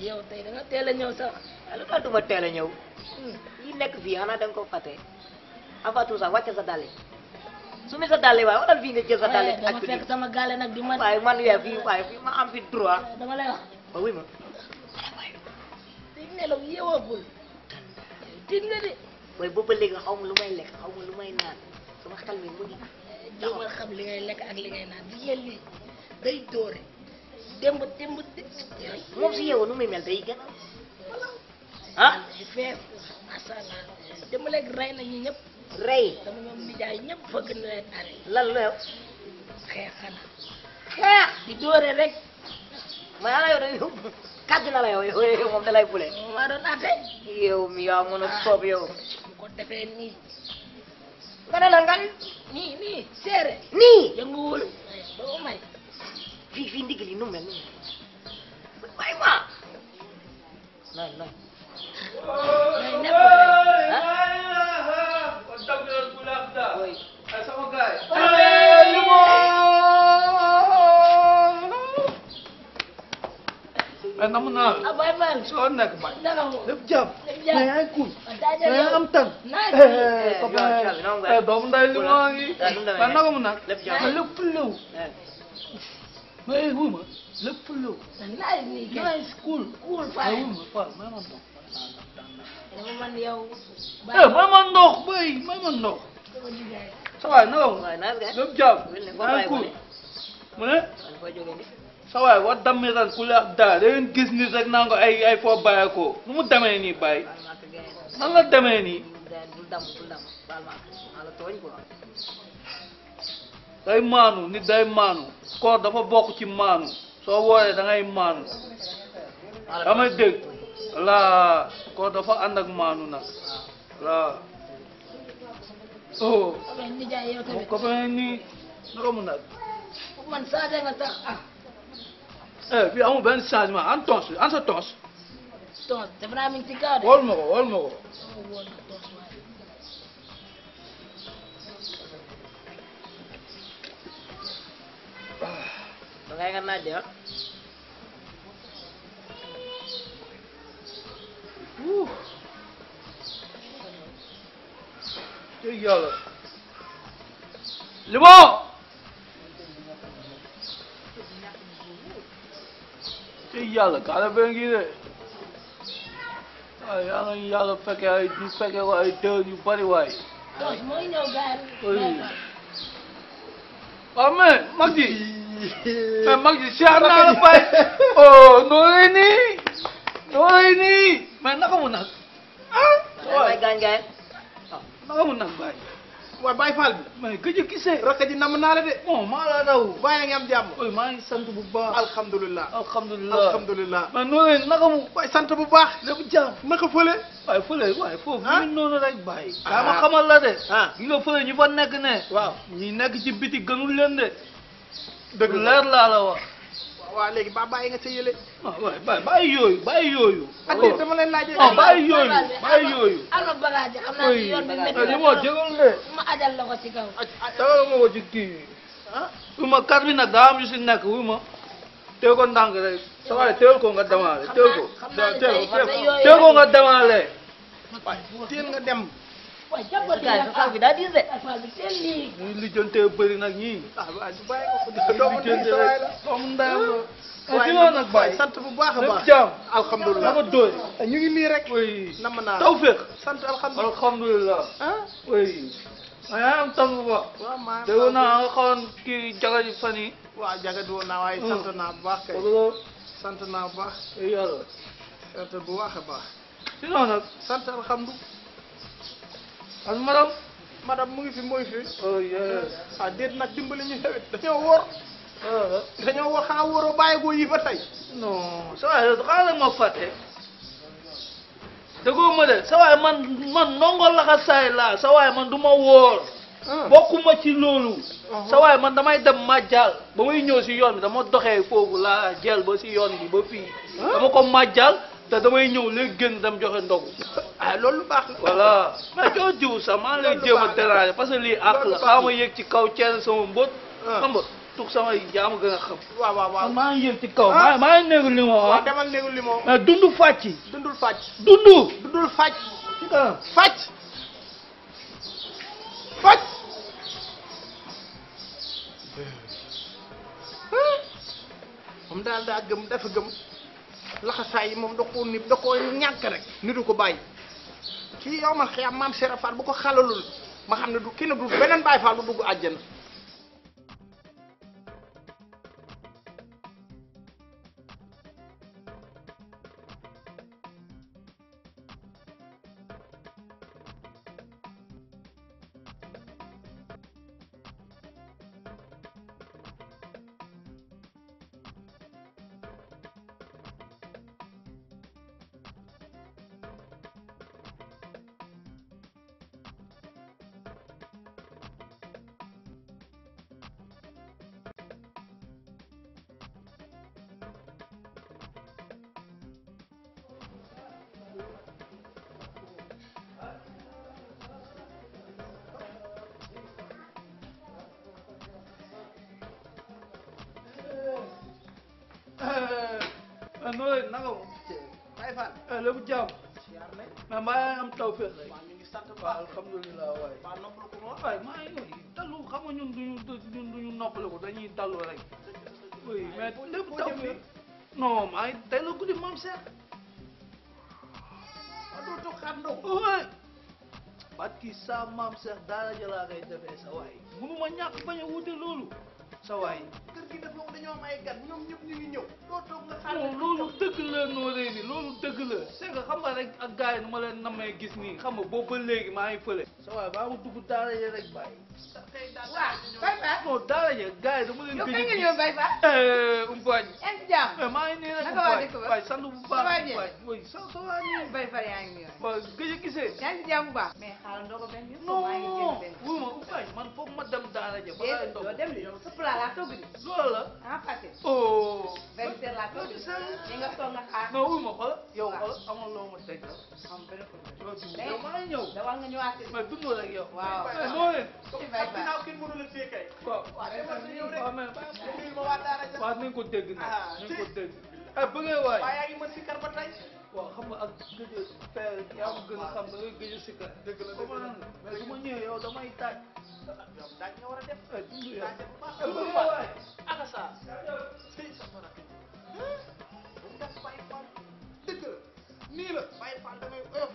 yow tey da nga teel a ñëw sax. lu tax ma teel a ñëw. Hmm. yi nekk fii xanaa da nga ko fàtte avant tout sax wàcce sa dàll su ma sa dàll yi waaye waral fii nga jël sa dàll yi. fekk sama gaale nag di ma. waaye man yaa fii waaye fii ma am fi droit. dama lay wax. ba wuy ma. di nelaw yeewoogul. tiit nga de. waaye boobu ba léegi xaw ma lu may lekk xaw ma lu may naan sama xel mi mu ngi. Eh, xam li ngay lekk ak li ngay naan di yelli day doore. démb démb moom su yeewoo nu muy mel day gën ah. démb léegi rey na ñëpp. rey sama ñoom nijaay ñëpp fëgg na leen la yow. xeexana. ma la yor yow kàddu la yow moom da lay bule. maa doon àtte. yow mi yaa mën a ah. soob yow. bu ko defee nii. nga ne la ngan. nii nii seere. nii yënguwul. ba may. fii fii ndigal yi nu mel nii waaye ma lay lay mais namu naa la. ah bàyyi bàyyi soo nekk bàyyi. dara moom lépp jàpp. lépp jàpp ay kuy. dajalee am tan. naaj bi eh papa eh doomu nday li mu ngi. lépp jàpp lépp lépp. may ma ndox. yow man yow. eh may ma ndox bay may ma ndox. sa waay naka mu. waay naas kay lépp jaam. ni rek ay ay foo ko nu mu demee nii bàyyi. nan la demee nii. bul damm bul damm baal ma day maanu nit day maanu koor dafa bokk ci maanu soo wooree da maanu damay dégg laa koor dafa ànd maanu nag laa oh moom ko fene nii romb nag man changé nga tax ah eh, fii amul an tons an sa tons tons wol ma wol ma yaakaar naa de yàlla. li bo. tey yàlla kaala bee ngi de. waaw yàlla yàlla fekkee ay ñu fekkee ko ay dër yu bari waay. mooy ñëw gaal. mais mag ji siyaar naa la fay oh nooy nii nooy nii mais naka gaañ gaañ naka mu nag baay. waaw Baye bi. mais gëj a gisee. rakk ji nam naa la de. bon oh, maa la raw. bàyyi nga am jàmm. oui maa ngi sant bu baax. alhamdulilah alhamdulilah alhamdulilah. mais nooy naka mu. waaye sant bu baax. lépp jàmm naka fële. waaye fële waaye foofu. Ah. Ah. Ah. ñu noonu nga fële ñu fa nekk ne. waaw ñi nekk ci biti gënul leen dëgg leer laa la wax. waaw léegi ba bàyyi nga ca yële. waaw ah, waay bàyyi bàyyi yooyu bàyyi yooyu. ati dama leen laajee. waaw ah, bàyyi yooyu bàyyi yooyu. am na bagage xam naa ah, yoon bi métti na ma ma ajal la ko ci kaw. dawal ma ko ci kii bi. wu ma kar bi nag daa am yu si nekk wu ma. teel ko ndànk rek sa waay teel ko nga demaale teel ko. xam naa ne tey teel ko nga demaale. teel nga dem. waaw jàppati nag saal bi daa diis de. muy ah, lijjantee bëri nag ñii. ah waaw ah, bàyyi sant bu baax a baax lépp jaam. alhamdulilah dama dóor. Ah, ñu ngi nii rek. oui naa tawféex. sant alhamdulilah alhamdulilah. ah oui. maa am tànn bu baax. waaw maa am tànn bu baax jaga ji fan yii. jaga di woon naa waaye sant naa bu baax kay. sant naa bu baax. yàlla. sant bu baax a baax. sant alhamdulilah. ak madame madame mu ngi fi mooy fi oh, ah déet nag dimbali ñu xewit dañoo wóor uh-huh. dañoo wóor xanaa wóoroo bàyyeekoo yi ba tey non sa waay sa waay man man nongo laxasaay laa sa waay man du ma wóor ah. bokkuma ci loolu sa uh-huh. waay man damay dem màjjal ba may ñëw si yoon bi dama doxee foofu laa jël ba si yoon bi ba fii dama ko màjjal te damay ñëw léegi gën dam joxe ndogu ah loolu baax na. voilà mais coo jiw sax maa lay jéem a déranger parce que lii àq la xaaral ma yëg ci kaw ceel sama mbóot. Ah. xam nga tuk sama jaamu gën a xam. waaw waaw waaw maa ci kaw. Ah. maa maa ngi néegu limon ah. waaw demal ah, dundu dundu. dundul fàcc. fàcc. fàcc. Eh. moom daal daa gëm dafa gëm. laxasaay yi moom da koo nib da koo ñàkk rek ni du ko bàyyi kii yow man xëy maam Serap Fall bu ko xalalul ma xam ne du kenn du beneen Baay Fall bu dugg àjjana nooy na nga woon. Baye Fall. lépp jàmm. mais maa ngi am tawfeex rek. waaw ñu ngi dañuy dalu rek. oui mais lépp tawfeex. non maa ngi tey la guddi moom seet. ma doon toog xaar ndaw. waay. parce que sa maam Cheikh a loolu. sa ñoom ay gan ñoom ñëpp ñu ngi ñëw doo toog nga xaar non loolu dëgg la nooree ni loolu dëgg la c'est que xam nga rek ak gars nu ma leen namee gis nii xam nga boobu ba léegi maa ngi fële sa waay baa ma dugg daara ya rek bàyyi waaw bay ba non daara ya gars yi dama leen yow kañ nga ñëw bay ba eh, umpaañ en jàmm eh, maa ngi nii rek umpaañ waay sant bu baax waay waay sa sa waay ñu bay ba yaa ngi ñëw waaw gëj a gisee yaa ngi jàmm bu baax mais xaaral ndoo ko wuu ma umpaañ man foog ma dem daara ja ba dem sa plat laa togg loolu ah? Oh. a passé. oh. verser la li nga toog nga xaar. non wuy ma xoolal yow xoolal amoon loo ma teg. am benn problème. yow maa ngi ñëw. dawal nga ñëwaat si. mais dundoo la ak yow. waaw moo leen. bay bay ginnaaw kenn mënul a téye kay. waaw waaw nañ ko dégg nag. nañ ko dégg. ah bëggee waay. waaye yaa ngi mën si kar ba tey. waaw xam nga ak gëj a fee yaa ngi gën a xam da ngay gëj a si kar. dëgg la dëgg la mais su ma ñëwee yow damay taaj. ñoom daañu ñoo war a def. ah dinañu ana saa. sëy sax ma dëgg la nii la. Baye Fall damay oyof.